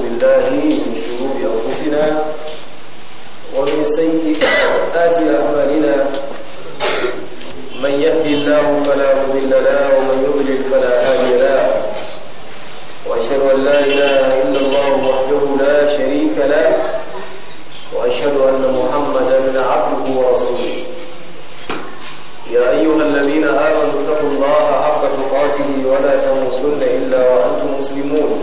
بالله من شرور أنفسنا ومن سيئات أعمالنا من يهدي الله فلا مضل له ومن يضلل فلا هادي له وأشهد أن لا إله إلا الله وحده لا شريك له وأشهد أن محمدا عبده ورسوله يا أيها الذين آمنوا اتقوا الله حق تقاته ولا تموتن إلا وأنتم مسلمون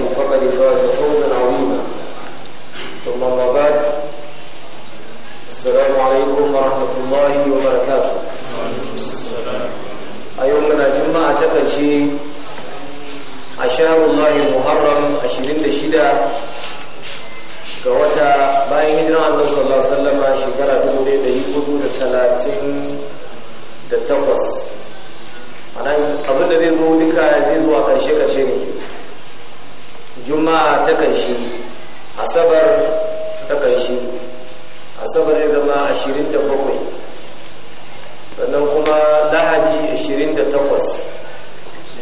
فقد فاز فوزا عظيما ثم اما بعد السلام عليكم ورحمه الله وبركاته وعليكم السلام ايها الجماعه تقشي عشر الله المحرم 26 كوتا باين هجرة الله صلى الله عليه وسلم شكرا بدوري بيقولوا 30 da takwas. Ana abin da zai zo duka zai zuwa ƙarshe ƙarshe ne. juma'a ta kan shi asabar ta kan shi asabar ya zama 27 sannan kuma lahadi 28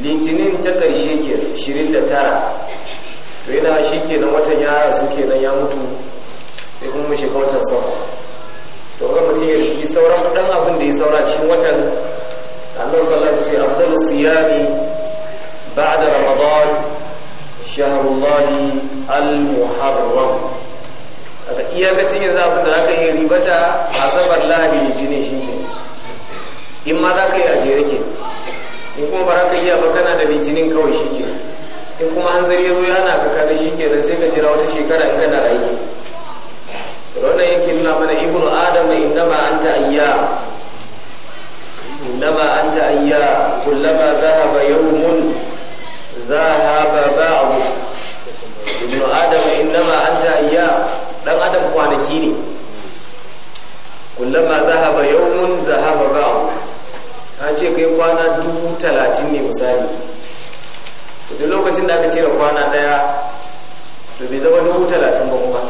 litinin ta kan shi ke 29 to yana shi ke nan watan yara su ke nan ya mutu sai kuma shi watan sau to ga mutum ya riski sauran ɗan abin da ya saura cikin watan Allah sallallahu alaihi wa sallam ya ce afdalu ba'da ramadan shaharullahi al-muharram daga iyakacin yanzu abin da za ka yi ribata a sabar lahadi litinin shi ke in ma za ka yi a jere in kuma ba za ka iya ba kana da litinin kawai shi ke in kuma an zari zo yana ka kada shi ke sai ka jira wata shekara in kana rayu wannan yake nuna mana ibnu adam innama anta ayyam innama anta ayyam kullama dhahaba yawmun ذهب بعض ابن adam innama anta ayyam dan adam kwanaki ne kullama zahaba yawmun zahaba ba'u an ce kai kwana dubu talatin ne misali duk lokacin da aka cire kwana daya to bai zama dubu talatin ba kuma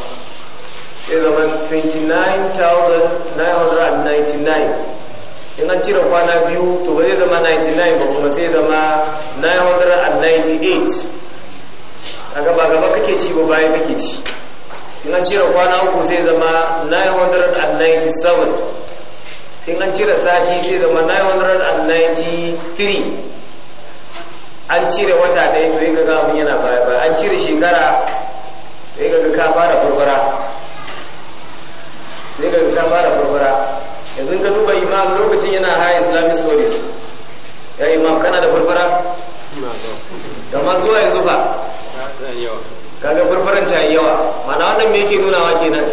sai zama 29,999 in an cire kwana biyu to ba zai zama 99 ba kuma sai zama 998 a gaba gaba kake ci ba bayan kake ci in an cire kwana uku sai zama 997 in an cire sati sai zama 993 an cire wata ɗaya to yi gaga abin yana baya baya an cire shekara to yi gaga ka fara furfura to yi gaga ka fara furfura yanzu ka duba imam lokacin yana haya islamic stories ya imam kana da farfara kama zuwa yanzu ba kaga farfaran ta yi yawa mana wannan me yake nunawa kenan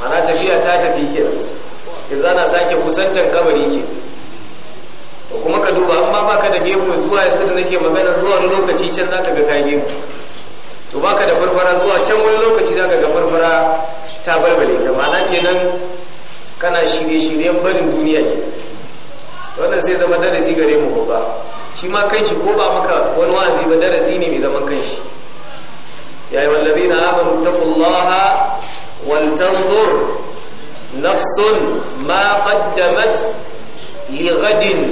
mana tafiya ta tafi kenan yanzu ana sake kusantan kabari ke kuma ka duba amma baka da gefe zuwa yanzu da nake magana zuwa wani lokaci can ka ga ka gemu to baka da farfara zuwa can wani lokaci ka ga farfara ta balbale ka mana kenan kana shirye-shiryen barin duniya ke wannan sai zama darasi gare mu ba shi ma kanshi ko ba maka wani wa'azi ba darasi ne mai zaman kanshi ya yi wallabi na amanu taqullaha wal nafsun ma qaddamat li ghadin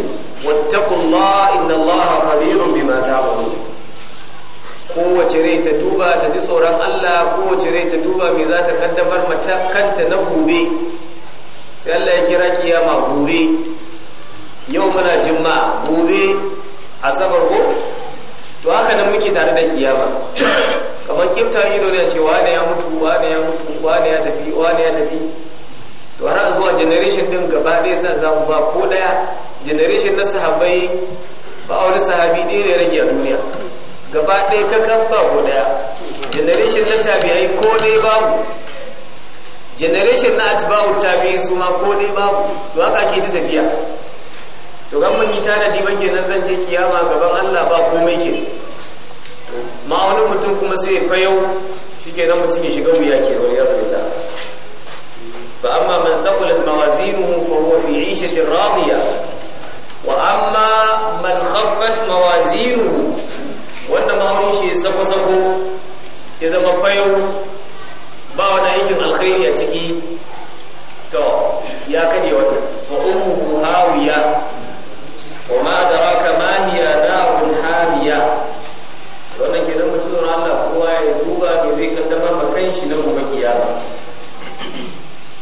inna allaha khabirun bima ta'malun kowace rai ta duba ta ji tsoron Allah kowace rai ta duba me za ta kaddamar mata kanta na gobe sai Allah ya kira kiyama gobe yau muna jimma gobe asabar ko to haka nan muke tare da kiyama kamar kifta ido ne ce wane ya mutu ne ya mutu ne ya tafi ne ya tafi to har zuwa generation din gaba ɗaya sai za ba ko daya generation na sahabbai ba wani sahabi ɗaya ne rage a duniya gaba ɗaya kakan ba ko daya generation na tabi'ai ko ɗaya babu generation na atba'u tabi'in su ma ko dai babu to haka ke ta tafiya to kan mun yi tanadi ba kenan zan je kiyama gaban Allah ba komai ke ma wani mutum kuma sai ya fayau shike nan mutum ya shiga wuya ke wani yarda da fa amma man thaqulat mawazinuhu fa huwa fi 'ishatin radiya wa amma man khaffat mawazinuhu wanda ma wani shi sako sako ya zama fayau ba wani aikin alkhairi a ciki to ya kade wannan wa ummuhu hawiya wa ma adraka ma hiya narun hamiya wannan ke dan mutum Allah kowa ya duba me zai kaddamar ma kanshi na gobe kiyama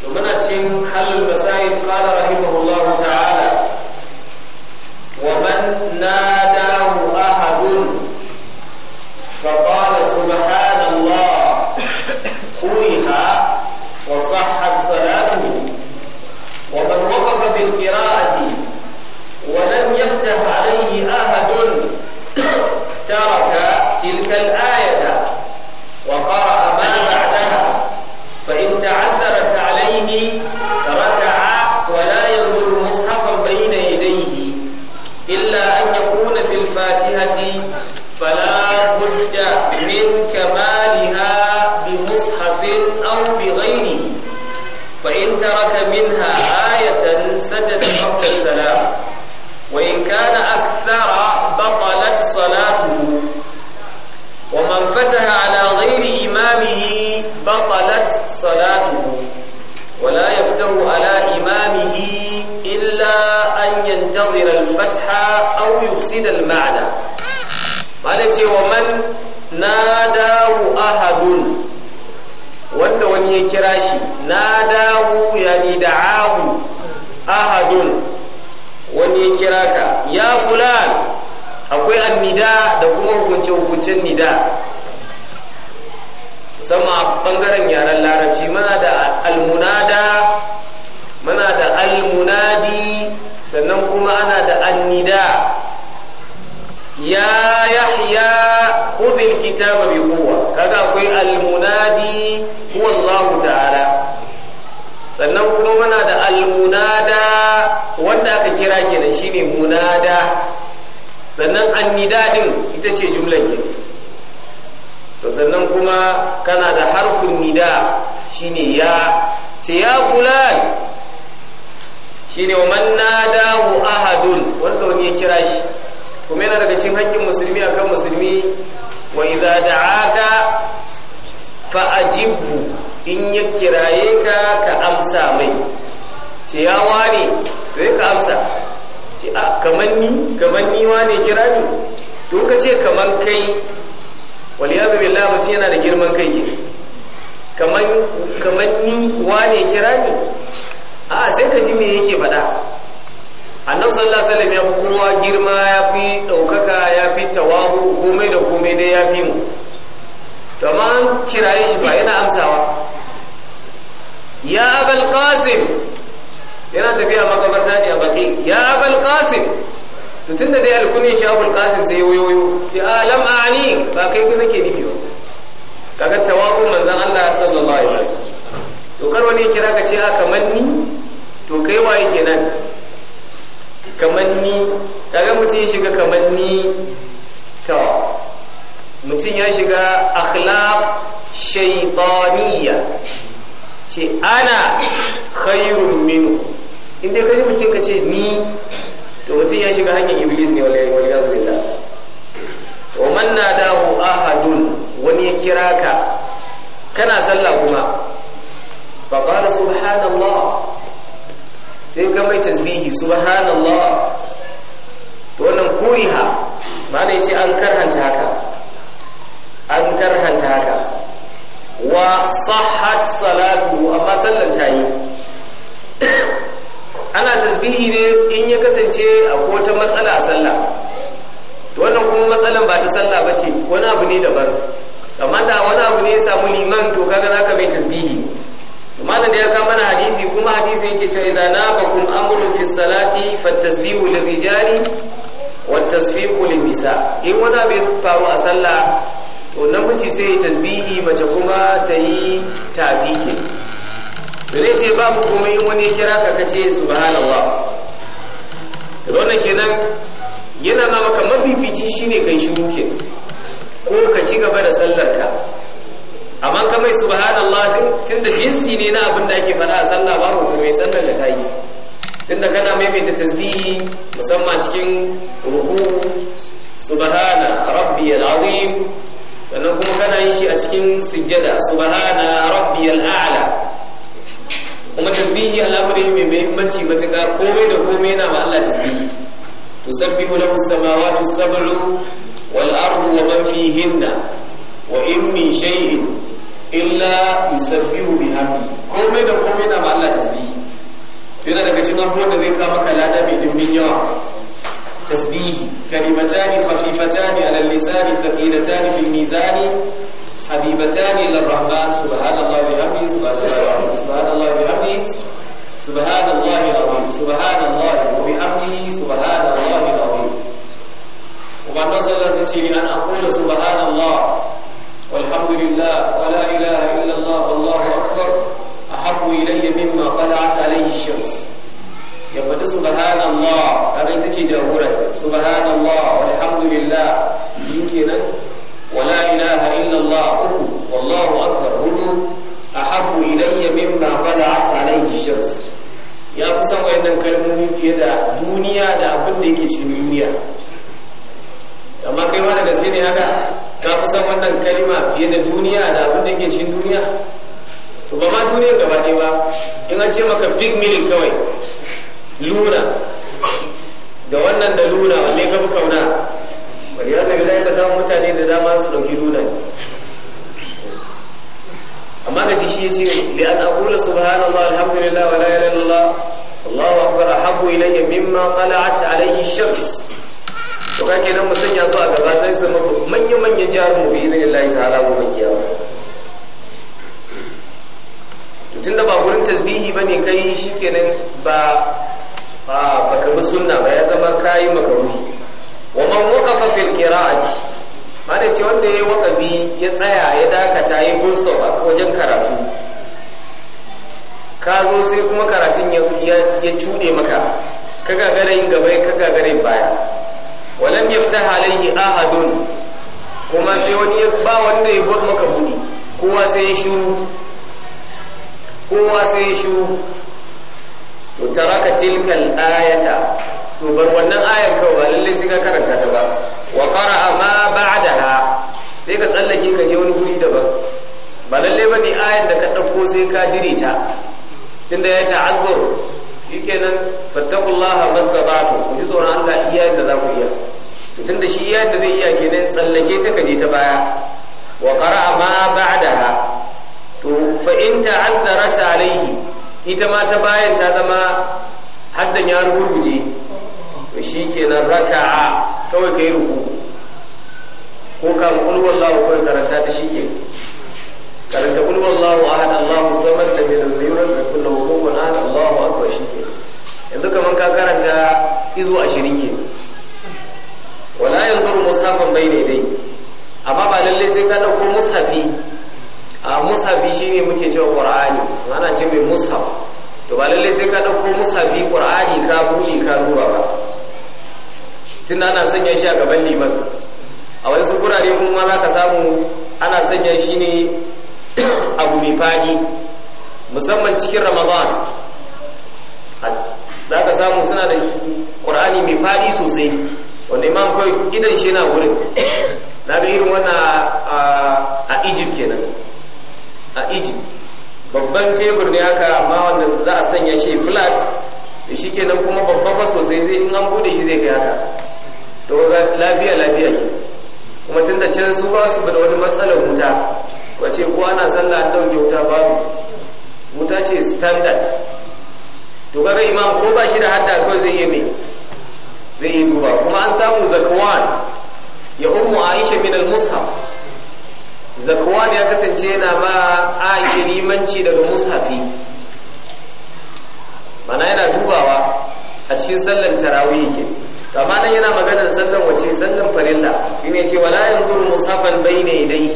to muna cikin halul masail qala rahimahullahu ta'ala wa man nada سجد قبل السلام وإن كان أكثر بطلت صلاته ومن فتح على غير إمامه بطلت صلاته ولا يفتح على إمامه إلا أن ينتظر الفتح أو يفسد المعنى قالت ومن ناداه أحد wanda wani ya kira shi na dahu yani da'ahu ahadun wani ya kira ka ya fulan akwai annida da kuma hukunce-hukuncen nida sama bangaren yaren larabci mana da almunada mana da almunadi sannan kuma ana da annida ya yahya khudh alkitaba bi kowa kaga akwai almunadi huwa Allah ta'ala sannan kuma muna da al-munada wanda aka kira kenan shine munada sannan annida din ita ce jumlar ke to sannan kuma kana da harfin nida shine ya ce ya fulan shine wa man nadahu ahadun wanda wani ya kira shi kuma yana daga cikin hakkin musulmi akan musulmi wa idza da'aka fa'ajibhu in ya kiraye ka ka amsa mai ce ya wane to ya ka amsa ce a kamar ni kamar ni wane kira ni to ka ce kamar kai waliyadu billahi mutum yana da girman kai ke kamar kaman ni wane kira ni a sai ka ji me yake faɗa annabi sallallahu alaihi wasallam ya fi kowa girma ya fi ɗaukaka ya fi tawahu komai da komai dai ya fi mu to amma an kiraye shi ba yana amsawa ya abal qasim yana tafiya makabarta ne a baki ya abal qasim tun da dai alkunin shi abul qasim sai yoyo shi alam ah, ani ba kai ku nake nufi ba kaga tawakkul manzon Allah sallallahu alaihi wasallam to kar wani kira ka ce a ah, kaman ni to kai waye kenan kaman ni kaga mutum shiga kaman ni to mutum ya shiga akhlaq shaytaniya ce ana khairun minhu inda kaji mutum ka ce ni to mutum ya shiga hanyar iblis ne wallahi wallahi ya ta wa man nadahu ahadun wani ya kira ka kana sallah kuma fa qala subhanallah sai ka mai tasbihi subhanallah to wannan kuriha ma ne ce an karanta haka an karhanta haka wa sahat salatu amma sallan ta yi ana tasbihi ne in ya kasance a wata matsala a sallah wannan kuma matsalan ba ta sallah ba ce wani abu ne daban amma da wani abu ne ya samu liman to kaga naka mai tasbihi malam da ya kama na hadisi kuma hadisi yake cewa idan kun amuru fi salati fattasbihu lirijali tasfiqu lin-nisa in wani abu ya faru a sallah to namiji sai ya tasbihi mace kuma ta yi tafi ke zai ce babu kuma in wani kira ka kace subhanallah to wannan kenan yana ma maka mafifici shine kai shi ko ka ci gaba da sallarka amma ka mai subhanallah da jinsi ne na abin da ake faɗa a sallah babu kuma mai sallar da ta yi tunda kana maimaita tasbihi musamman cikin ruhu subhana rabbiyal azim sannan kuma kana yin shi a cikin sujjada subhana rabbiyal a'la kuma tasbihi al'amari mai muhimmanci matuƙa komai da komai yana ma Allah tasbihi tusabbihu lahu samawati sab'u wal ardu wa man fihinna wa in min shay'in illa yusabbihu bihamdi komai da komai yana ma Allah tasbihi yana daga cikin abubuwan da zai kawo maka lada mai dimbin yawa تسبيه كلمتان خفيفتان على اللسان ثقيلتان في الميزان حبيبتان إلى الرحمن سبحان الله بحمده سبحان الله العظيم سبحان الله بحمده سبحان الله العظيم سبحان الله وبحمده سبحان الله العظيم وبعد نصل سنتي أن أقول سبحان الله والحمد لله ولا إله إلا الله والله أكبر أحب إلي مما طلعت عليه الشمس ya faɗi subhanallah kaga ita ce jagorar subhanallah walhamdulillah yin kenan wala ilaha illallah uku wallahu akbar hudu ahabbu ilayya mimma bala'at alayhi shams ya fi san wayannan kalmomi fiye da duniya da abin da yake cikin duniya amma kai ma da gaske ne haka ka fi san wannan kalma fiye da duniya da abin da yake cikin duniya to ba ma duniya gaba ɗaya ba in an ce maka big meaning kawai luna da wannan da luna wanne ka fi kauna bari ya daga zai ka samu mutane da dama su dauki luna amma ka ji shi ya ce li an aqula subhanallah alhamdulillah wa la ilaha illallah Allahu akbar ahabbu ilayya mimma qala'at alayhi shams to kake nan musanya su a gaba sai su manyan manyan jarumu bi idinillahi ta'ala gobe kiyama tunda ba gurin tasbihi bane kai shikenan ba ba baka bi sunna ba ya zama kai makaruhi wa man waqafa fil qira'ati mana ce wanda yi waqabi ya tsaya ya dakata ya bursa a wajen karatu ka zo sai kuma karatun ya cuɗe maka ka gagare gaba ka gagare baya walam yaftaha alayhi ahadun kuma sai wani ba wanda ya bar maka buɗi kowa sai ya shuru kowa sai shiru to taraka tilkal ayata to bar wannan ayar kawai ba lalle sai ka karanta ta ba wa qara'a ma ba'daha sai ka tsallake ka je wani guri daban ba lalle ba ne ayar da ka dauko sai ka dire ta tunda ya ta'azzur shikenan fattaqullaha mastata'tum ku ji tsoron Allah iya da za ku iya tunda shi iya da zai iya kenan tsallake ta kaje ta baya wa qara'a ma ba'daha to fa in ta'azzarat alayhi ita ma ta bayan ta zama haddan ya rubuje to shikenan raka'a kawai kai ruku ko ka qul wallahu ko karanta ta shike karanta qul wallahu ahad Allahu samad lam yalid walam yakul lahu kufuwan ahad Allahu akbar shike yanzu kaman ka karanta izu 20 ke wala yanzuru mushafan bayna dai amma ba lalle sai ka dauko mushafi a mushafi shine muke cewa ƙwar'ani ana ce mai musaf to ba lalle sai ka ɗauko musafi ƙwar'ani ka buɗe ka duba ba tunda ana sanya shi a gaban liman a wani kurare kuma za ka samu ana sanya shi ne abu mai faɗi musamman cikin ramadan za ka samu suna da ƙur'ani mai faɗi sosai wanda imam kawai idan shi yana wurin na da irin wannan a egypt kenan a egypt babban tebur ne haka amma wanda za a sanya shi flat da shi kenan kuma babba faso sosai zai in an bude shi zai kai haka to lafiya lafiya ke kuma tun da can su ba su da wani matsalar wuta wace ko ana sallah an dauke wuta babu wuta ce standard to kaga imam ko ba shi da hadda kawai zai yi me zai yi duba kuma an samu zakwan ya ummu aisha min al-mushaf zakwan ya kasance yana ba aisha limanci daga mushafi mana yana dubawa a cikin sallan tarawih ke amma nan yana maganar sallan wace sallan farilla shine ne ce wala yanzuru mushafan bayna yadayhi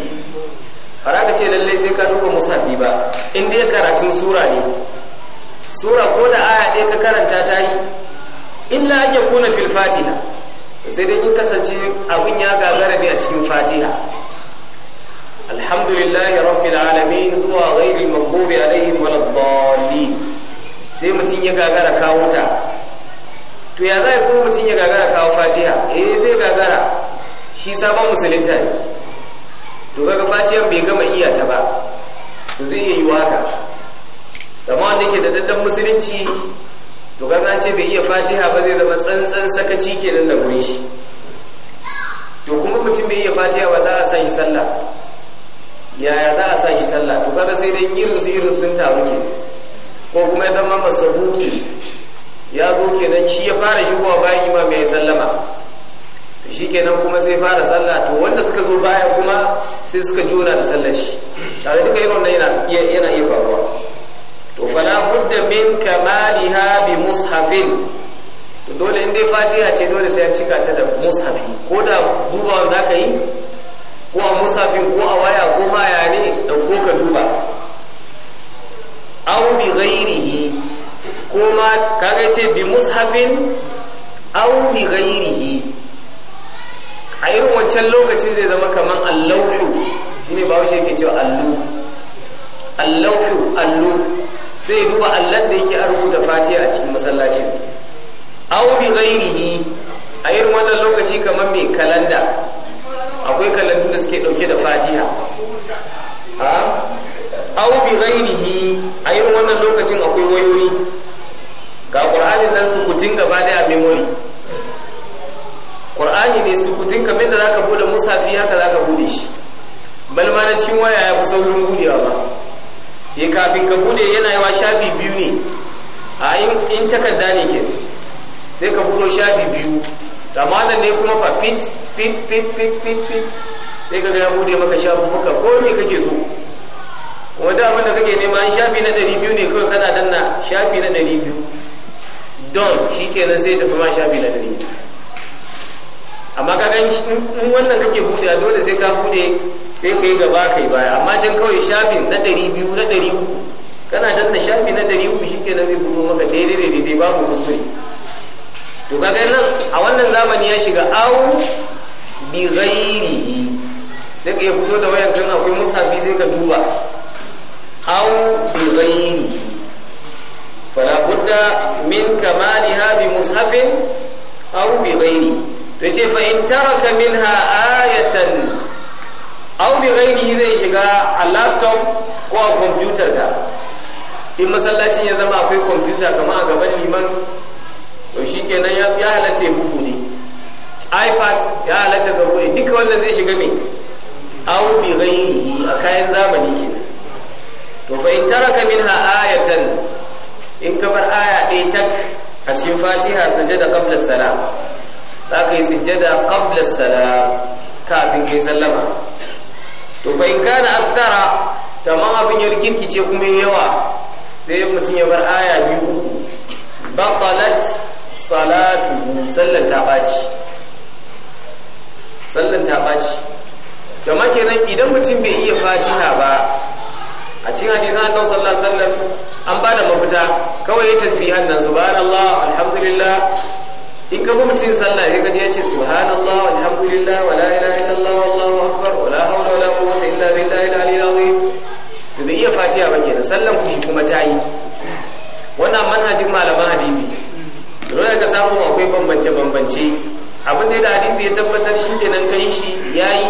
fara ka ce lalle sai ka duba mushafi ba in dai karatu sura ne sura ko da aya ɗaya ka karanta ta yi illa an yakuna fil fatiha sai dai in kasance abin ya gagara ne a cikin fatiha alhamdulillahi rabbil alamin zuwa ghairil maghdubi alaihim waladdallin sai mutum ya gagara kawo ta to ya zai kuma mutum ya gagara kawo fatiha eh zai gagara shi sabon musulunta ne to kaga fatihar bai gama iya ta ba to zai iya yi haka amma wanda yake da daddan musulunci to kaga ce bai iya fatiha ba zai zama tsantsan sakaci kenan da gurin shi to kuma mutum bai iya fatiha ba za a san shi sallah yaya za a sa shi sallah to kada sai dai irin su irin sun taru ke ko kuma ya zama masabuki ya zo nan shi ya fara shigowa bayan imam mai sallama shi kenan kuma sai fara sallah to wanda suka zo baya kuma sai suka jona da sallar shi tare duka irin wannan yana iya faruwa to fala budda min kamaliha bi mushafin to dole in dai fatiha ce dole sai an cika ta da mushafi ko da duba wanda aka yi ko a musafin ko a waya ko ma ya ne ko ka duba aw bi ghairihi ko ma kaga ce bi mushafin aw bi ghairihi a irin wancan lokacin zai zama kaman allahu ne ba shi yake cewa allu allahu allu sai duba allan da yake a rubuta fatiha a cikin masallacin aw bi ghairihi a irin wannan lokaci kaman mai kalanda akwai kallon da suke dauke da fatiha au bi ghairihi a wannan lokacin akwai wayoyi ga qur'anin nan sukutin gaba daya a memory qur'ani ne su sukutin kamar da zaka bude musafi haka zaka bude shi bal na cin waya ya fi saurin budewa ba ya kafin ka bude yana yawa shafi biyu ne a in takarda ne ke sai ka buɗo shafi biyu malam ne kuma fa pint pint pint pint pint pint sai kaga ya bude maka shafuka ko me kake so kuma da abin da kake nema an shafi na ɗari biyu ne kawai kana danna shafi na ɗari biyu? don shi kenan sai tafi ma shafi na biyu. amma kaga in wannan kake bude dole sai ka bude sai ka yi gaba kai baya amma can kawai shafin na ɗari biyu na ɗari uku kana danna shafi na ɗari shi kenan zai bugo maka daidai daidai babu kuskure to kaga nan a wannan zamani ya shiga au bi ghairihi sai ka fito da wayan kan akwai musafi sai ka duba au bi ghairihi fala budda min kamaliha bi musafin au bi ghairi to ce fa in taraka minha ayatan aw bi ghairihi zai shiga a laptop ko a computer ka in masallacin ya zama akwai computer kamar a gaban liman to shi kenan ya halatta ya bugu ne ipad ya halatta ga bugu duka wannan zai shiga mai awu bi ghairihi a kayan zamani kenan to fa in taraka minha ayatan in ka bar aya ɗaya tak a cikin fatiha sujada qabla salam za ka yi sujada qabla salam kafin kai sallama to fa in kana aksara tamam abin ya rikirkice kuma yawa sai mutum ya bar aya biyu batalat salatuhu sallan ta ɓaci sallan ta ɓaci kama kenan idan mutum bai iya fatiha ba a cikin hadisi annabi sallallahu Sallar Sallar an ba da mafita kawai ya tasbihan nan subhanallah alhamdulillah in ka mutum sallah sai ka ji yace subhanallah alhamdulillah wala ilaha illallah wallahu akbar wala hawla wala quwwata illa billahi al-aliyyil azim to bai iya fatiha ba kenan sallan kushi kuma ta yi wannan manhajin malaman hadisi dole ka samu akwai bambance-bambance abin da ya hadisi ya tabbatar shi ke nan kai shi ya yi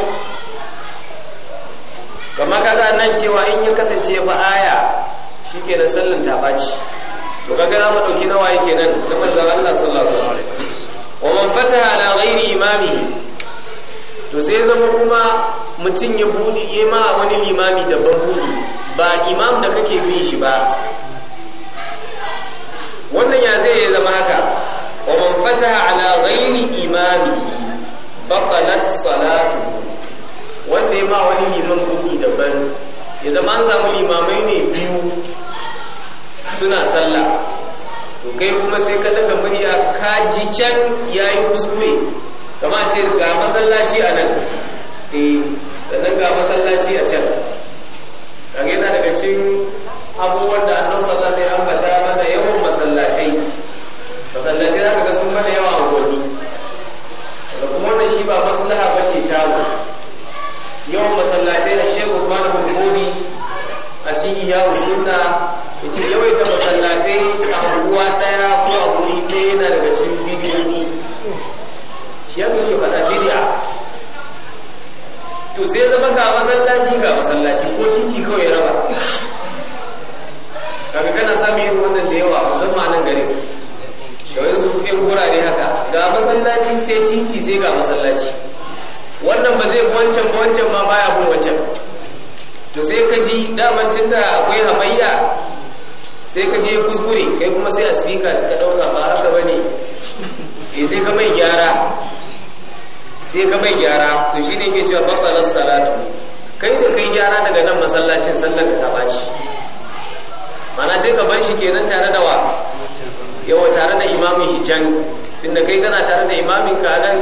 kama kaga nan cewa in ya kasance ba aya shi ke nan sallin ta baci to kaga na maɗauki nawa yake nan na manzan Allah sallallahu alaihi wa man fataha ala ghairi imami to sai zama kuma mutum ya buɗe ya ma wani limami daban buɗe ba imam da kake bin shi ba wannan ya zai zama haka wa man fataha ala ghairi imami batalat salatu wanda ya ma wani liman buɗi daban ya zama an samu limamai ne biyu suna sallah to kai kuma sai ka daga murya ka ji can yayi kuskure kama ce ga masallaci a nan eh sannan ga masallaci a can kage yana daga cikin abubuwan da annabi sallallahu alaihi wasallam shi ba maslaha ba ce zo yau masallatai na shehu bin hukumi a cikin ya sunna yace yau yawaita masallatai a ruwa daya ko a wuri ɗaya yana daga cikin bidiyoyi shi ya ke faɗa bidiya to sai zama ga masallaci ga masallaci ko titi kawai raba kaga kana sami irin wannan da yawa masallaci sai titi sai ga masallaci wannan ba zai wancan ba wancan ma baya bin wancan to sai ka ji daman da akwai hamayya sai ka je kuskure kai kuma sai a sifika ka dauka ba haka ba ne e sai ka mai gyara sai ka mai gyara to shi ne ke cewa babbalar salatu kai da kai gyara daga nan masallacin sallar ta baci mana sai ka bar shi kenan tare da wa yawa tare da imamin hijan tunda kai kana tare da imamin ka nan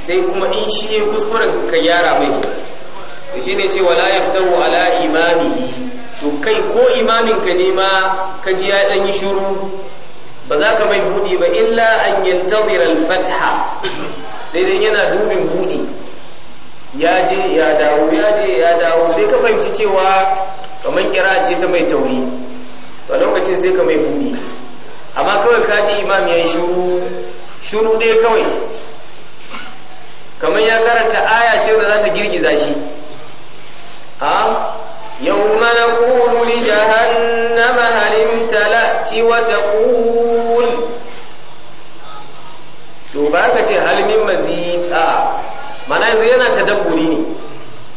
sai kuma in shi ya kuskure ka gyara mai to ne ce wala yaftahu ala imami to kai ko imamin ka ne ma ka ji ya dan yi shuru ba za ka mai budi ba illa an yantazira al-fatha sai dan yana dubin budi ya je ya dawo ya je ya dawo sai ka fahimci cewa kamar kira ce ta mai tauri to lokacin sai ka mai budi amma kawai kaji imam ya yi shuru shuru ɗaya kawai kamar ya karanta aya ce da za ta girgiza shi a yau mana ƙulu li jahannama halim talati wata ƙul to ba ka ce halimin mazid a mana yanzu yana ta dabburi ne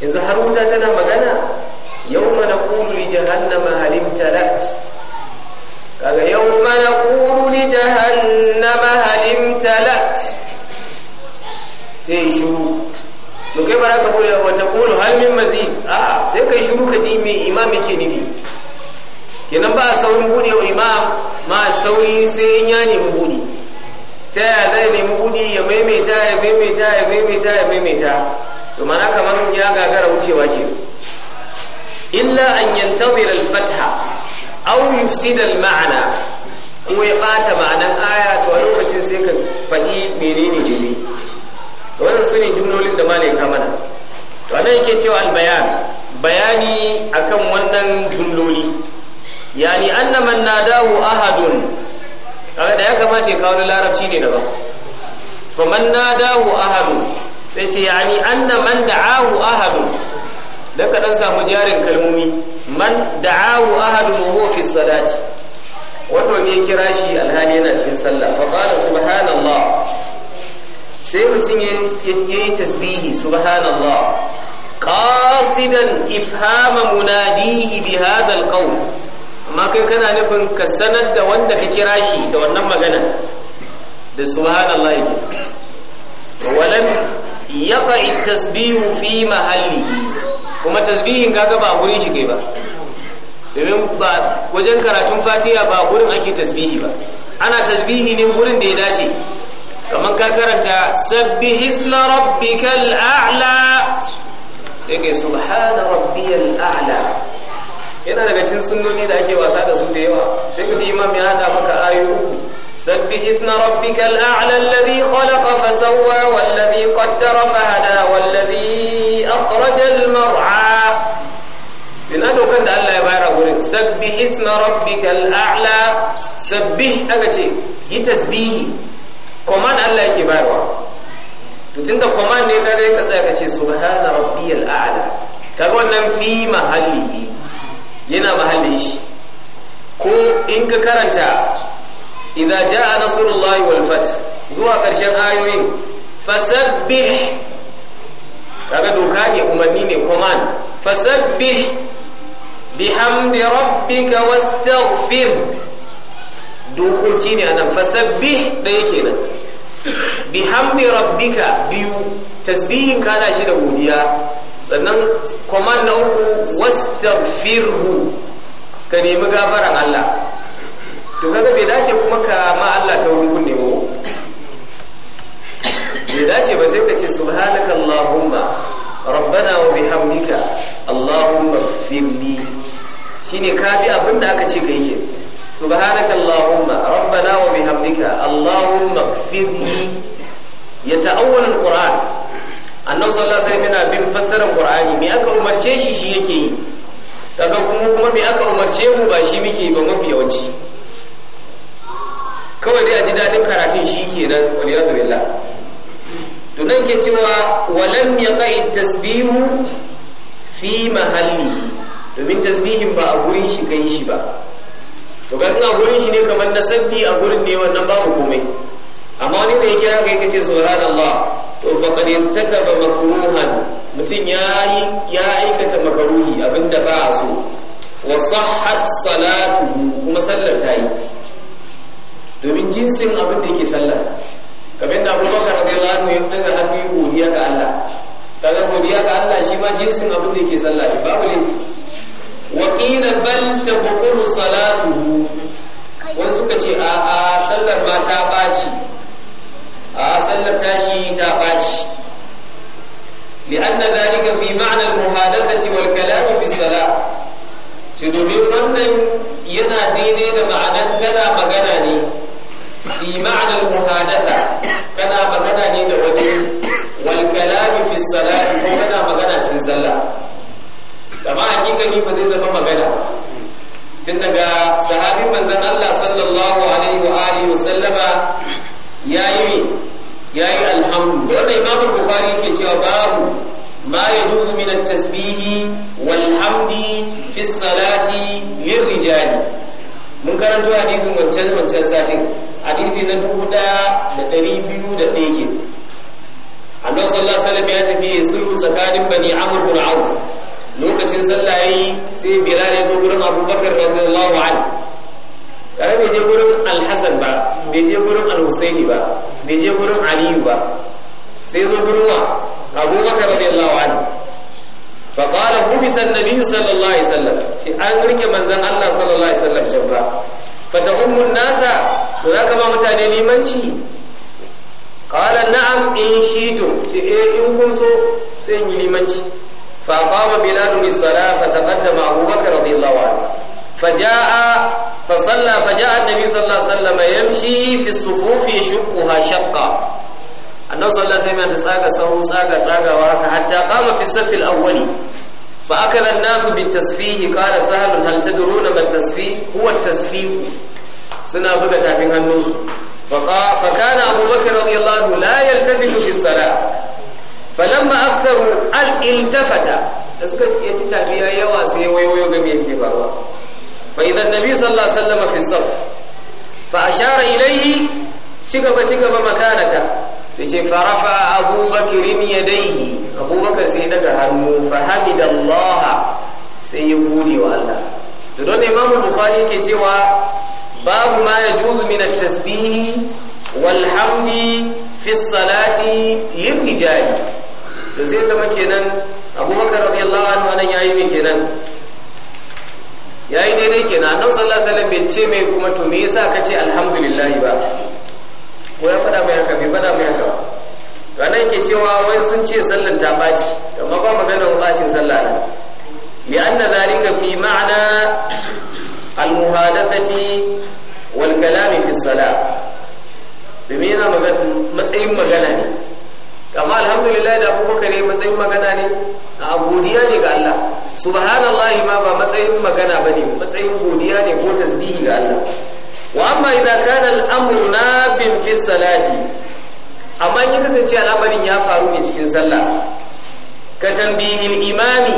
yanzu har wuta tana magana yau mana ƙulu li jahannama halin talati kaga yawma naqulu li jahannama hal imtalat sai shuru to kai ba ka kula wa taqulu hal min mazid a sai kai shiru ka ji me imam yake nufi kenan ba saurin bude wa imam ma sauri sai ya nemi bude ta ya zai nemi bude ya maimaita ya maimaita ya maimaita ya maimaita to mana kamar ya gagara wucewa ke illa anyan yantazira al-fatha aw yufsidal ma'ana ko ya bata ma'anan aya to a lokacin sai ka faɗi menene jini wannan su ne jumlolin da malai ka mana to anan yake cewa albayan bayani akan wannan jumloli yani anna man nadahu ahadun kaga da ya kamata ya kawo larabci ne daban fa man nadahu ahadun sai ce yani anna man da'ahu ahadun dan ka dan samu jarin kalmomi man da'ahu ahadun wa huwa fi salati wanda ne kira shi alhali yana cikin sallah fa qala subhanallah sai mutum ya yi tasbihi subhanallah qasidan ifhama munadihi bi hadha alqawl amma kai kana nufin ka sanar da wanda ka kira shi da wannan magana da subhanallah yake walam yaqa at-tasbihu fi mahallihi kuma tasbihin kaga ba gurin shi kai ba domin ba wajen karatun fatiha ba gurin ake tasbihi ba ana tasbihi ne gurin da ya dace kamar ka karanta sabbihisma rabbikal a'la yake subhana rabbiyal a'la yana daga cikin sunnoni da ake wasa da su da yawa sai kuma imam ya hada maka ayoyi سبح اسم ربك الأعلى الذي خلق فسوى والذي قدر فهدى والذي أخرج المرعى من أدوك أنت ألا يبارك سبح اسم ربك الأعلى سبح أكتشي يتسبيه كمان ألا يكبارك tutun كمان command ne zai سبحان ربي الأعلى ce في rabbiyal ينا kaga wannan fi mahallihi ko in ka karanta idza jaa nasrullahi wal fath zuwa karshen ayoyin fasabbih kaga doka ne umarni ne command fasabbih bihamdi rabbika wastaghfir dokoki ne anan fasabbih dai kenan bihamdi rabbika biyu tasbihin kana shi da godiya sannan command na uku wastaghfirhu ka nemi gafaran Allah to kaga bai dace kuma ka ma Allah ta wurin kunne ba? bai dace ba sai ka ce subhanaka allahumma rabbana wa bihamdika allahumma firli shine ka bi abin da aka ce ga ke subhanaka allahumma rabbana wa bihamdika allahumma firli ya ta'awwal alquran annabi sallallahu alaihi wasallam yana bin fassarar qur'ani me aka umarce shi shi yake yi kaga kuma kuma me aka umarce mu ba shi muke ba mafi yawanci kawai dai a ji daɗin karatun shi kenan waliyadu billah to nan ke cewa walam yaqi tasbihu fi mahalli domin tasbihin ba a gurin shi kai shi ba to ga ina gurin shi ne kamar na sabbi a gurin ne wannan babu komai amma wani mai kira kai kace subhanallah to qad ba makruhan mutum yayi ya aikata makaruhi abinda ba a so wa sahhat salatuhu kuma sallar ta yi domin jinsin abin da yake sallah kamar da abubakar radiyallahu anhu ya daga hannu ya godiya ga Allah kaga godiya ga Allah shi ma jinsin abin da yake sallah ne babu ne wa qila bal tabqulu salatuhu wani suka ce a a sallar ma ta baci a sallar tashi ta baci لأن ذلك في معنى المحادثة والكلام في الصلاة shi domin wannan yana daidai da ma'anan kana magana ne fi ma'anar muhadatha kana magana ne da wani wal kalami fi salati ko kana magana cikin sallah amma hakikani ba zai zama magana tun daga sahabin manzon Allah sallallahu alaihi wa alihi wa sallama yayi yayi alhamdu da Imam Bukhari yake cewa babu ma yajuzu tasbihi at-tasbih wal hamdi mun karanta hadisin wancan wancan satin hadisi na dubu daya da ɗari biyu da ɗaya annabi sallallahu alaihi wasallam ya tafi sulhu tsakanin bani amr bin auf lokacin sallah yayi sai bilal ya zo gurin abubakar radiyallahu anhu kare bai je gurin Al-Hasan ba bai je gurin Al-Husaini ba bai je gurin aliyu ba sai zo gurin wa abubakar radiyallahu anhu fa حبس النبي صلى sallallahu alaihi wasallam Shi an rike manzon Allah sallallahu alaihi wasallam jabra fata ummun nasa to za ka ba mutane limanci qala na'am in shi'tum ce eh in kun so sai yi limanci fa qama biladu min salat fa taqaddama abubakar radiyallahu anhu Fa فصلى فجاء النبي صلى الله عليه وسلم يمشي في الصفوف يشقها شقا annabi sallallahu alaihi wasallam da tsaga sahu tsaga tsagawa hatta qama fi safil awwali فأكل الناس بالتسفيه قال سهل هل تدرون ما التسفيه هو التسفيه سنة بغة تابين هنوز فكان أبو بكر رضي الله عنه لا يلتفت في الصلاة فلما أكثر الالتفت اسكت يتتابع يواسي ويوغم يكبر فإذا النبي صلى الله عليه وسلم في الصف فأشار إليه تكب تكب مكانك yace farafa abubakar daihi abubakar sai daga hannu fa sai ya gode wa Allah to don imam bukhari yake cewa babu ma yajuzu min at-tasbih wal fi as-salati lirijali to sai zama kenan abubakar radiyallahu anhu nan yayi mai kenan yayi daidai kenan annabi sallallahu alaihi wasallam bai ce mai kuma to me yasa kace alhamdulillah ba ko ya faɗa mai haka bai faɗa mai haka ba to anan yake cewa wai sun ce sallar ta baci amma ba maganar bacin sallah nan لأن ذلك في معنى المهادثة والكلام في الصلاة بمينا matsayin magana ne. Kamar alhamdulillah da abubakar ne matsayin magana ne a godiya ne ga Allah subhanallahi ma ba matsayin magana bane matsayin godiya ne ko tasbihi ga Allah wa amma idza kana al-amru nabin fi salati amma in kasance al'amarin ya faru ne cikin sallah ka tambihin imami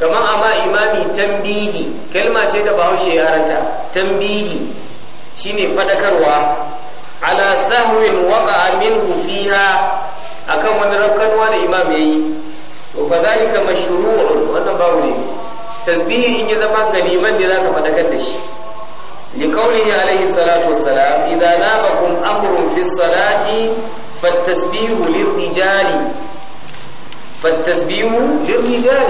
kamar amma imami tambihi kalma ce da bahaushe ya ranta tambihi shine fadakarwa ala sahwin waqa'a minhu fiha akan wani rakkanwa da imam yayi to fa zalika mashru'un wannan babu ne tasbihi in ya zama galiban da zaka fadakar da shi لقوله عليه الصلاة والسلام إذا نابكم أمر في الصلاة فالتسبيح للرجال فالتسبيح للرجال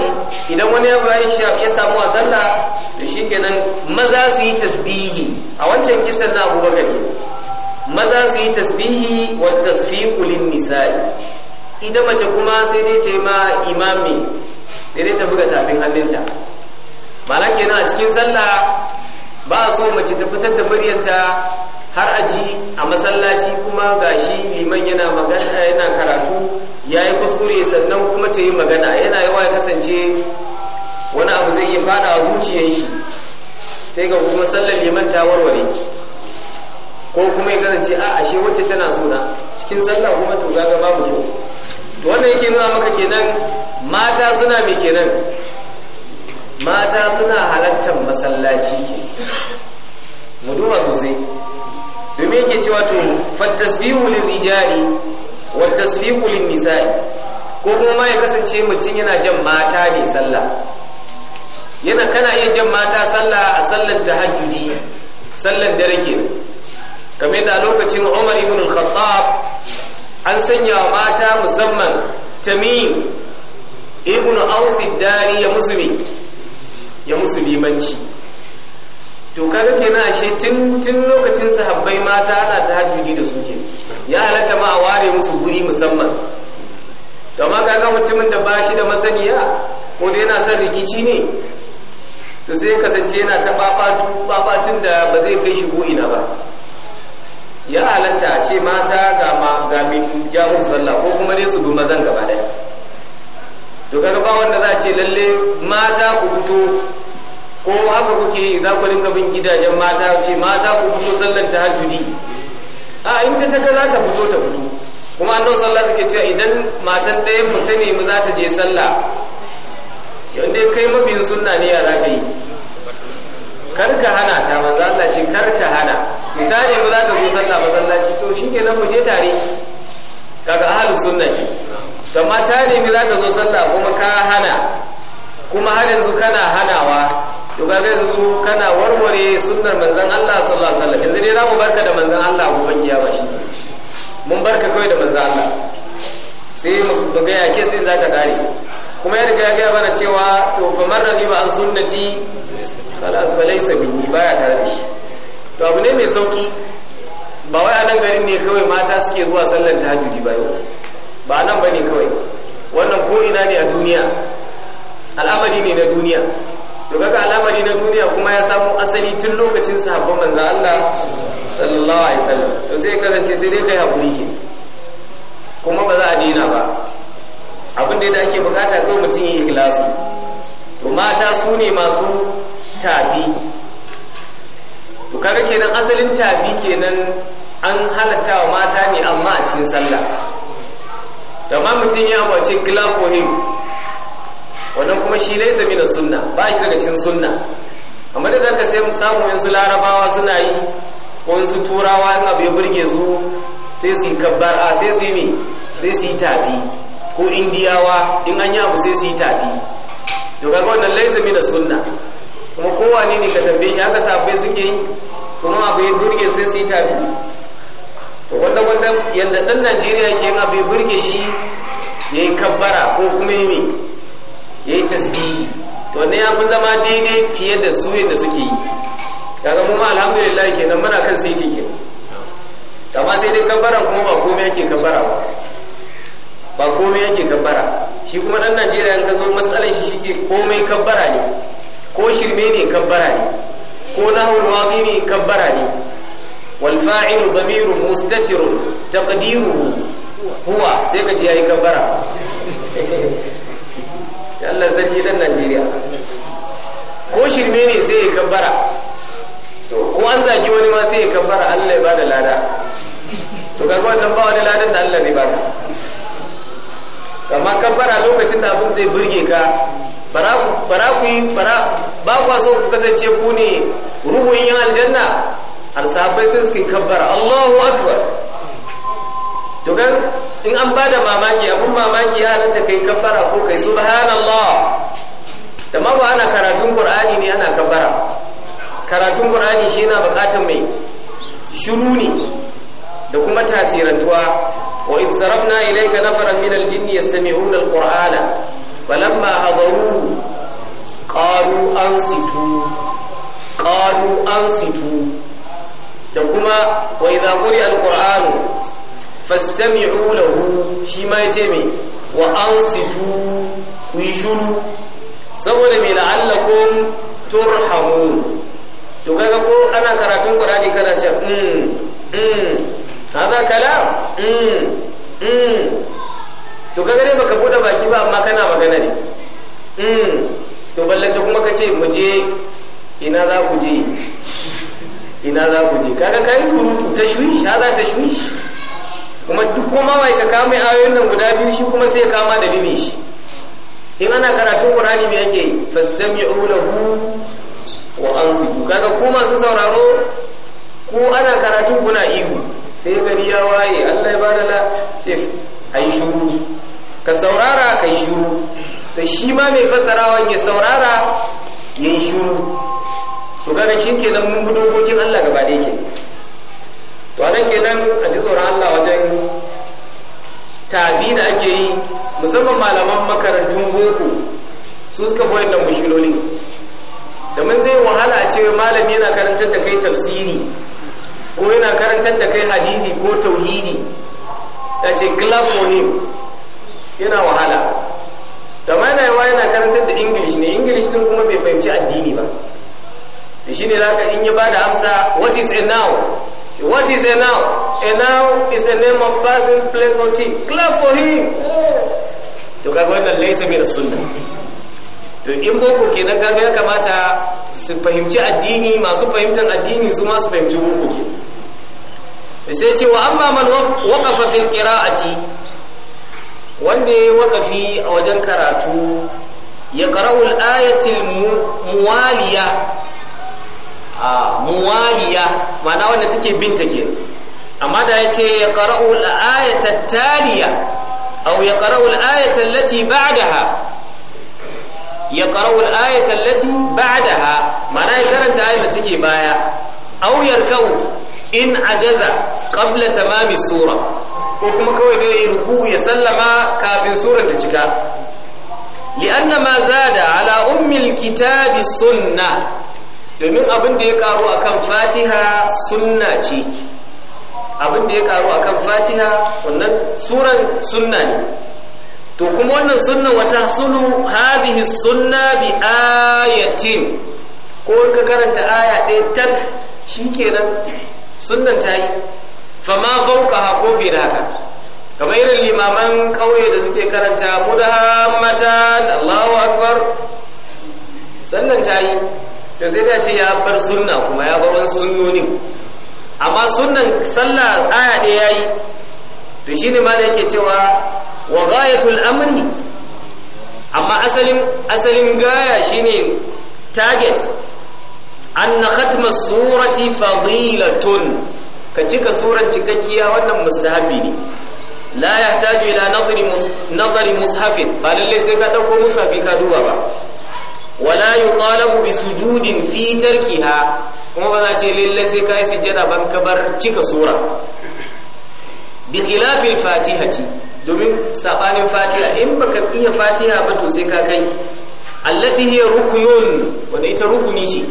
إذا wani ya bayan sha ya samu a sallah to shikenan maza su yi tasbihi a wancan kisan na Abu kai maza su yi tasbihi wa tasfiqu lin nisa'i mace kuma sai dai ta yi ma imami sai dai ta buga tafin hannunta malan kenan a cikin sallah ba a so mace ta fitar da muryanta har aji a masallaci kuma gashi liman yana magana yana karatu ya yi kuskure sannan kuma ta yi magana yana yawa ya kasance wani abu zai iya fada a zuciyar shi sai ga kuma sallar liman ta warware ko kuma ya kasance a ashe wacce tana suna cikin sallah kuma to ga babu to wannan yake nuna maka kenan mata suna mai kenan mata suna halartar masallaci mu duba sosai domin yake cewa to fattasbihu lirijali wa tasbihu linnisa'i ko kuma ya kasance mutum yana jan mata ne sallah yana kana iya jan mata sallah a sallar tahajjudi sallar dare ke kamar da lokacin Umar ibn al-Khattab an sanya mata musamman Tamim ibn Aus ad-Dari ya musulmi ya musu limanci to kaga kenan ashe tun tun lokacin sahabbai mata ana tahajjudi da su ke ya halatta ma a ware musu guri musamman to ma kaga mutumin da bashi da masaniya ko da yana son rikici ne to sai ya kasance yana ta babatun da ba zai kai shi ina ba ya halatta a ce mata ga ma ga min sallah ko kuma dai su bi mazan gaba daya to kaga ba wanda za a ce lalle mata ku fito ko haka kuke za ku dinga bin gidajen mata ce mata ku fito ta hajjudi a in ta taga za ta fito ta fito kuma an sallallahu sallah suke cewa idan matan ɗaya mu ta nemi za ta je sallah yadda ya kai mabiyin sunna ne ya zaka yi karka hana ta maza Allah ce karka hana ta nemi za ta zo sallah masallaci to shikenan mu je tare kaga ahalus sunna ne amma ta nemi za ta zo sallah kuma ka hana kuma har yanzu kana hanawa to zai yanzu kana warware sunnar manzon Allah sallallahu alaihi wasallam yanzu za mu barka da manzon Allah ko giya ba shi mun barka kai da manzon Allah sai mu ga ya ke sai za ta kare kuma ya riga ya gaya cewa to fa marrabi ba an sunnati khalas fa laysa bihi baya tare da shi to abu ne mai sauki ba wai a nan garin ne kawai mata suke zuwa sallar tahajjudi ba yau ba nan ba ne kawai wannan ko ina ne a duniya al'amari ne na duniya to kaga al'amari na duniya kuma ya samu asali tun lokacin sahabban manzo Allah sallallahu alaihi wasallam to sai kasance sai dai kai hakuri ke kuma ba za a dina ba abin da ake bukata kawai mutum yi ikhlasi to mata su ne masu tabi to kaga kenan asalin tabi kenan an halatta wa mata ne amma a cikin sallah da ma mutum ya cikin glycohim wannan kuma shi laisa mina sunna ba shi daga cikin sunna amma da zaka sai samu yanzu larabawa suna yi ko su turawa in abu ya burge su sai su yi kabbar a sai su yi sai su yi ko indiyawa in an yi abu sai su yi tabi to kaga wannan laisa mina sunna kuma kowa ne ka tambaye shi haka sabai suke yi su ma abu ya burge su sai su yi tabi wanda wanda yadda ɗan Najeriya ke ma bai burge shi ya yi kabbara ko kuma yi yi tasbihi to ne ya fi zama daidai fiye da su yadda suke yi kaga mu ma alhamdulillah nan muna kan sai ke amma sai dai kabbara kuma ba komai yake kabbara ba ba komai yake kabbara shi kuma ɗan Najeriya in zo matsalar shi shi ke komai kabbara ne ko shirme ne kabbara ne ko nahul wadi ne kabbara ne والفاعل ضمير مستتر تقديره هو سيكا جي هاي كبرا الله سنجي لن najeriya ko shirme ne sai ya kabbara ko an zaki wani ma sai ya kabbara Allah ya bada lada to kaga wannan ba wani ladan da Allah ne ba baka amma kabbara lokacin da abin zai burge ka bara ku yi bara ba kwa so ku kasance ku ne ruhun yan aljanna har sahabbai sai suka kabbara Allahu akbar to kan in an bada mamaki abun mamaki ya halatta kai kabbara ko kai subhanallah da ma ba ana karatun qur'ani ne ana kabbara karatun qur'ani shi yana bukatar mai shiru ne da kuma tasirantuwa wa in sarafna ilayka nafaran min al-jinni yastami'una al-qur'ana falamma hadaruhu qalu ansitu qalu ansitu da kuma wa idza quri alqur'anu fastami'u lahu shi ma yace me wa ansitu ku yi shuru saboda me la'allakum turhamun to kaga ko ana karatun qur'ani kana ce mm mm hada kalam mm mm to kaga ne baka bude baki ba amma kana magana ne mm to ballanta kuma kace mu je ina za ku je ina za ku je kaga kai surutu ta za ta shi kuma duk kuma wai ka kama ayoyin nan guda biyu shi kuma sai kama da bibi shi in ana karatun qur'ani me yake fastami'u lahu wa ansitu kaga ko masu sauraro ko ana karatun kuna ihu sai gari ya waye Allah ya bada la ce ai shuru ka saurara kai shuru to shi ma mai fasarawa ya saurara yayi shuru to ganin shi nan mun bi dokokin Allah gaba ɗaya ke to a nan ke nan a ji tsoron Allah wajen tabi da ake yi musamman malaman makarantun boko su suka koyar da mushilolin domin zai wahala a ce malami yana karantar da kai tafsiri ko yana karantar da kai hadidi ko tauhidi da ce glamonim yana wahala da mana yawa yana karantar da english ne english din kuma bai fahimci addini ba shi ne zaka in yi ba da amsa what is a now what is a now a now is a name of person place or team clap for him to kaga wannan laisa min sunna to in boko kenan kaga ya kamata su fahimci addini masu fahimtar addini su ma su fahimci boko ke sai ce wa amma man waqafa a qira'ati wanda ya waqafi a wajen karatu ya qara'u al-ayati al-muwaliya a muwaliya ma'ana wanda take binta ke amma da ya ce ya qara'u al-ayata taliya aw ya qara'u al-ayata da ha. ya qara'u al-ayata da ha ma'ana ya karanta ayar da take baya aw yarkau in ajaza ta mami sura ko kuma kawai da ya ruku ya sallama kafin surar ta cika li'anna ma zada ala ummil kitabi sunna. domin abin da ya karu akan fatiha sunna ce abin da ya karu akan fatiha wannan suran sunna ne to kuma wannan sunna wata sunu hadihi sunna bi ayatin ko ka karanta aya ɗaya tak shikenan sunnan ta yi fama bauka ko bi da haka kamar irin limaman ƙauye da suke karanta mudahammatan Allahu akbar sannan ta yi sai sai ce ya bar sunna kuma ya bar wasu sunnoni amma sunnan sallah aya ɗaya yayi to shine ma da yake cewa wa ghayatul amri amma asalin asalin gaya shine target an khatma surati fadilatun ka cika suran cikakkiya wannan mustahabi ne la yahtaju ila nadri nadri mushafin ba lalle sai ka dauko mushafi ka duba ba wala ƙalabu bi sujudin fi tarkiha kuma ba za ce lalle sai ka yi sujada ban kabar cika sura bi fatiha fatihati domin saɓanin fatiha in baka iya fatiha ba to sai ka kai allati hiya rukunun wanda ita rukuni ce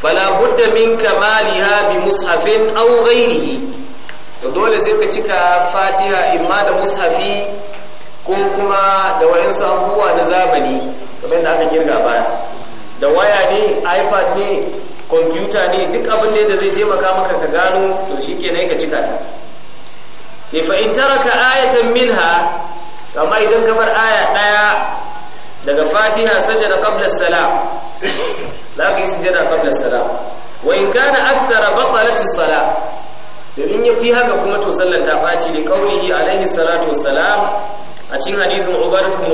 fala budda min kamaliha bi mushafin aw ghairihi to dole sai ka cika fatiha imma da mushafi ko kuma da wayansu abubuwa na zamani kamar yadda aka kirga baya da waya ne ipad ne kwamfuta ne duk abin ne da zai taimaka maka ka gano to shi ke ka cika ta ke fa'in ka ayatan minha kamar idan ka bar aya ɗaya daga fatiha da qabla salam za ka yi da qabla salam wa in kana akthara bakwalacin as domin ya fi haka kuma to sallar ta faci da kaulihi alaihi salatu a cikin hadisin ubadat bin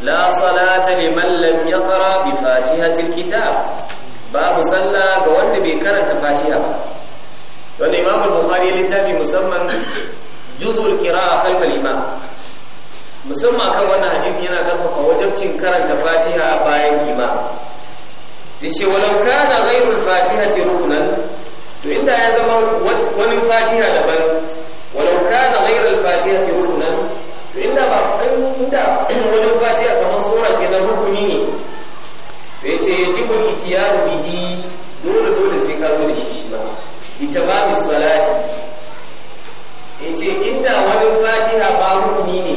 la salata liman lam yaqra bi fatihatil kitab babu salla ga wanda bai karanta fatiha ba wanda imam al-bukhari littafi musamman juzul qira'a khalf al-imam musamman kan wannan hadisi yana karfafa wajibcin karanta fatiha bayan imam dace walau kana ghayrul fatihati ruknan to inda ya zama wani fatiha daban walau to inda ba inda wajen Fatiya kamar sura ke nan rukuni ne ya ce ya ji yajibul itiyaru bihi dole dole sai ka zo da shi shi ba Ita itamami salati ya yace inda wajen Fatiya ba rukuni ne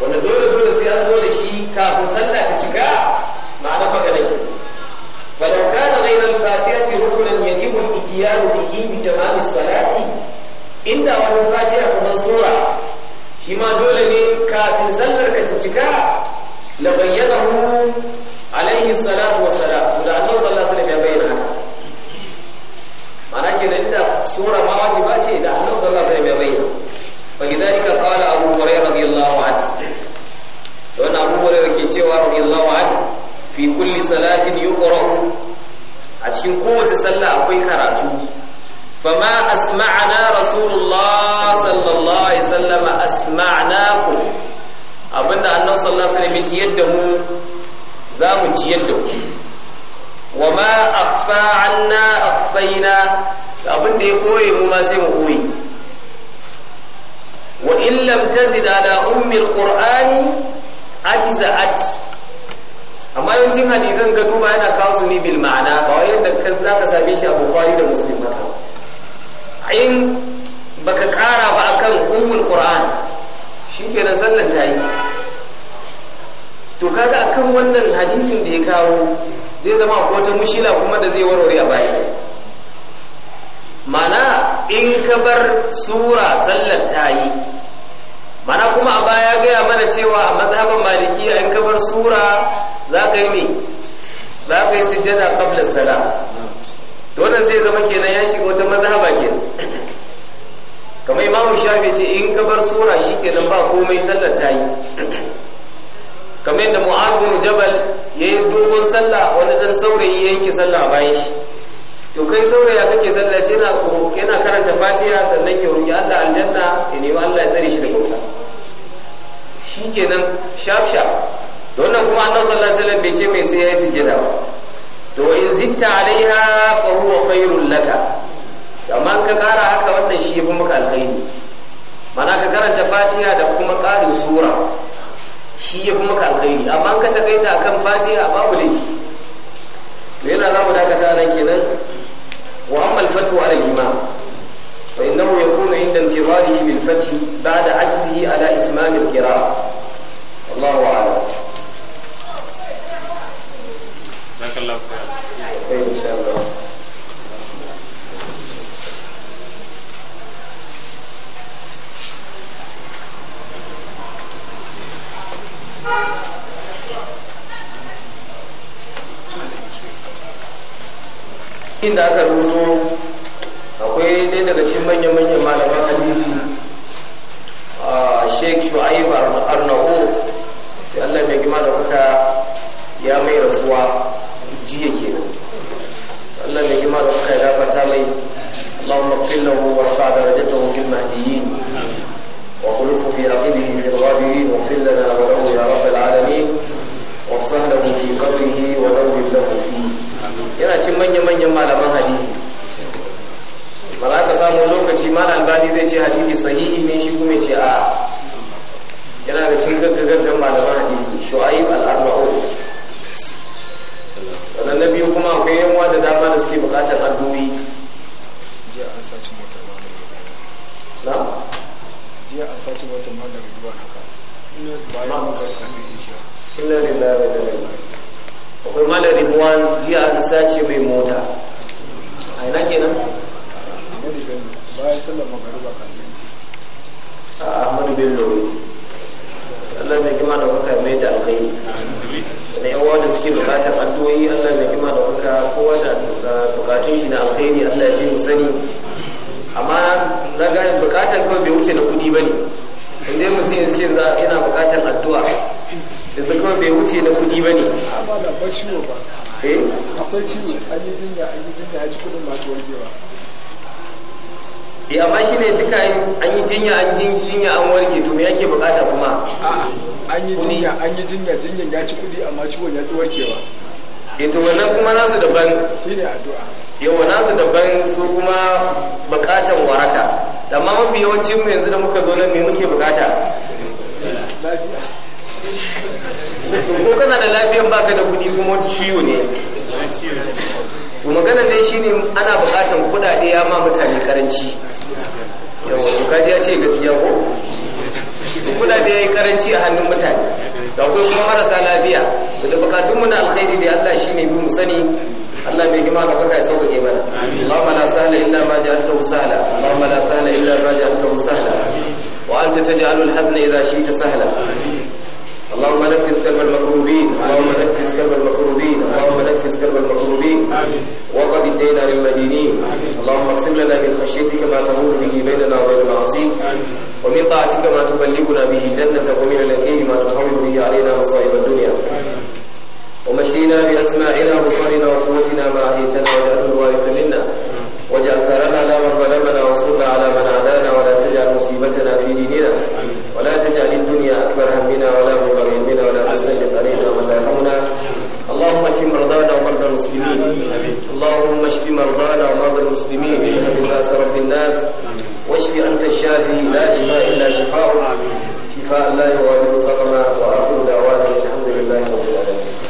wanda dole dole sai an zo da shi kafin sallah ta cika ma'ana maganar فلو كان غير الفاتحة ركنا يجب الاتيان به بتمام الصلاة إن والفاتحة من سورة shi ma dole ne kafin sallar ka cicika la bayyanahu alaihi salatu wa salam da annabi sallallahu alaihi wasallam ya bayyana haka mana nan da sura ma wajiba ce da annabi sallallahu alaihi wasallam ya bayyana fa lidalika qala abu hurairah radiyallahu anhu don abu hurairah ke cewa radiyallahu anhu fi kulli salatin yuqra a cikin kowace sallah akwai karatu فما أسمعنا رسول الله صلى الله عليه وسلم أسمعناكم أبن أنه صلى الله عليه وسلم يجيده زام يجيده وما أخفى عنا أخفينا أبن يقوي مما سيقوي وإن لم تزد على أم القرآن أجزأت amma yancin hadisan ka duba yana kawo su ni bil ma'ana ba wai yadda za ka same shi a bukhari da muslim haka in baka kara ba akan shi qur'an shikenan sallan ta yi to kaga kan wannan hadisin da ya kawo zai zama ko ta mushila kuma da zai warware a baya mana in ka bar sura sallar ta yi mana kuma a baya gaya mana cewa a mazhaban maliki in ka bar sura za ka yi me za ka yi sujjada qabla sala to wannan sai zama kenan ya shiga wata mazhaba kenan kamar imamu shafi ce in ka bar sura shikenan ba komai sallar ta yi kamar yadda mu'ad bin jabal yayi dogon sallah wani dan saurayi ya yanke sallah bayan shi to kai sauraya kake sallah ce na yana karanta fatiha sannan ke roki Allah aljanna ya nemi Allah ya tsare shi da bauta shikenan shafsha don kuma annabi sallallahu alaihi wasallam bai ce mai sai yayi sujada ba to in zitta alaiha fa huwa khairul laka amma ka kara haka wannan shi fi maka alkhairi mana ka karanta fatiha da kuma karin sura shi ya fi maka alkhairi amma ka takaita kan fatiha babu laifi to yana za mu dakata nan kenan wa amma alfatwa ala al-imam fa innahu yakunu inda intibarihi bil fathi ba'da ajzihi ala itmam qiraah wallahu a'lam jazakallahu khair inshallah inda aka rubuto akwai dai daga cikin manya-manyan malaman hadisi a sheik shu'aib arna'u sai allah mai gima da kuka ya mai rasuwa girma da suka gafarta mai اللهم اغفر له وارفع درجته في المهديين وخلفه في عقبه الغابرين واغفر لنا وله يا رب العالمين وافسح له في قبره ولو له فيه yana cin من يمن malaman hadisi ba za samu lokaci mana albani zai ce hadisi sahihi ne shi kuma ce a yana da cin don malaman hadisi shu'aib al-arba'u akwai yan da dama da suke bukatar addu'o'i jiya an sace motar ma malam na jiya an sace motar ma da ruwa haka bayan muka kame isha inna lillahi wa inna ilaihi akwai malam ribuwan jiya an sace mai mota a ina kenan bayan sallar magariba kan a ahmadu bello Allah mai gima da kuka mai da alkhairi da yawa da suke bukatar addu'o'i Allah ya kima da kuka kowa da bukatun shi na alheri Allah ya fi mu sani amma na ga bukatar kuma bai wuce na kuɗi bane inda mutum yanzu yana bukatar addu'a yanzu kuma bai wuce na kuɗi bane akwai ciwo ba eh? akwai ciwo an yi jinya an yi jinya ya ci kuɗin masu warkewa eh amma shi ne duka an yi jinya an yi jinya an warke to me yake bukata kuma a'a an yi jinya an yi jinya jinyan ya ci kudi amma ciwon ya warkewa eh to wannan kuma nasu daban ne addu'a yawa nasu daban su kuma bukatan waraka amma mafi yawancin mu yanzu da muka zo nan me muke bukata ko kana da lafiyan baka da kudi kuma ciwo ne magana ne shi ne ana bukatan kudade ya ma mutane karanci yawon kaji ya ce gaskiya ko kudade ya yi karanci a hannun mutane da akwai kuma marasa lafiya da mu na alkhairi da Allah shi ne bi mu sani Allah mai gima da baka ya sauƙaƙe mana Allahumma la sahla illa ma ja'altahu sahla Allahumma la sahla illa ma ja'altahu sahla wa anta taj'alul hazna idha shi'ta sahla اللهم نفس كرب المكروبين اللهم نفس كرب المكروبين اللهم نفس كرب المكروبين وقض الدين عن المدينين اللهم اقسم لنا من خشيتك ما تهون به بيننا وبين معاصيك ومن طاعتك ما تبلغنا به جنتك ومن اليقين ما تحول به علينا مصائب الدنيا ومتينا بأسماعنا وبصرنا وقوتنا ما أهيتنا واجعله الوارث منا واجعل ثارنا على من ظلمنا وانصرنا على من عادانا ولا تجعل مصيبتنا في ديننا ولا تجعل الدنيا أكبر همنا ولا مبلغ علمنا ولا تسلط علينا من لا يرحمنا اللهم اشف مرضانا ومرضى المسلمين اللهم اشف مرضانا ومرضى المسلمين بالناس رب الناس واشف أنت الشافي لا شفاء إلا شفاء شفاء لا يغادر سقما وآخر دعوانا الحمد لله رب العالمين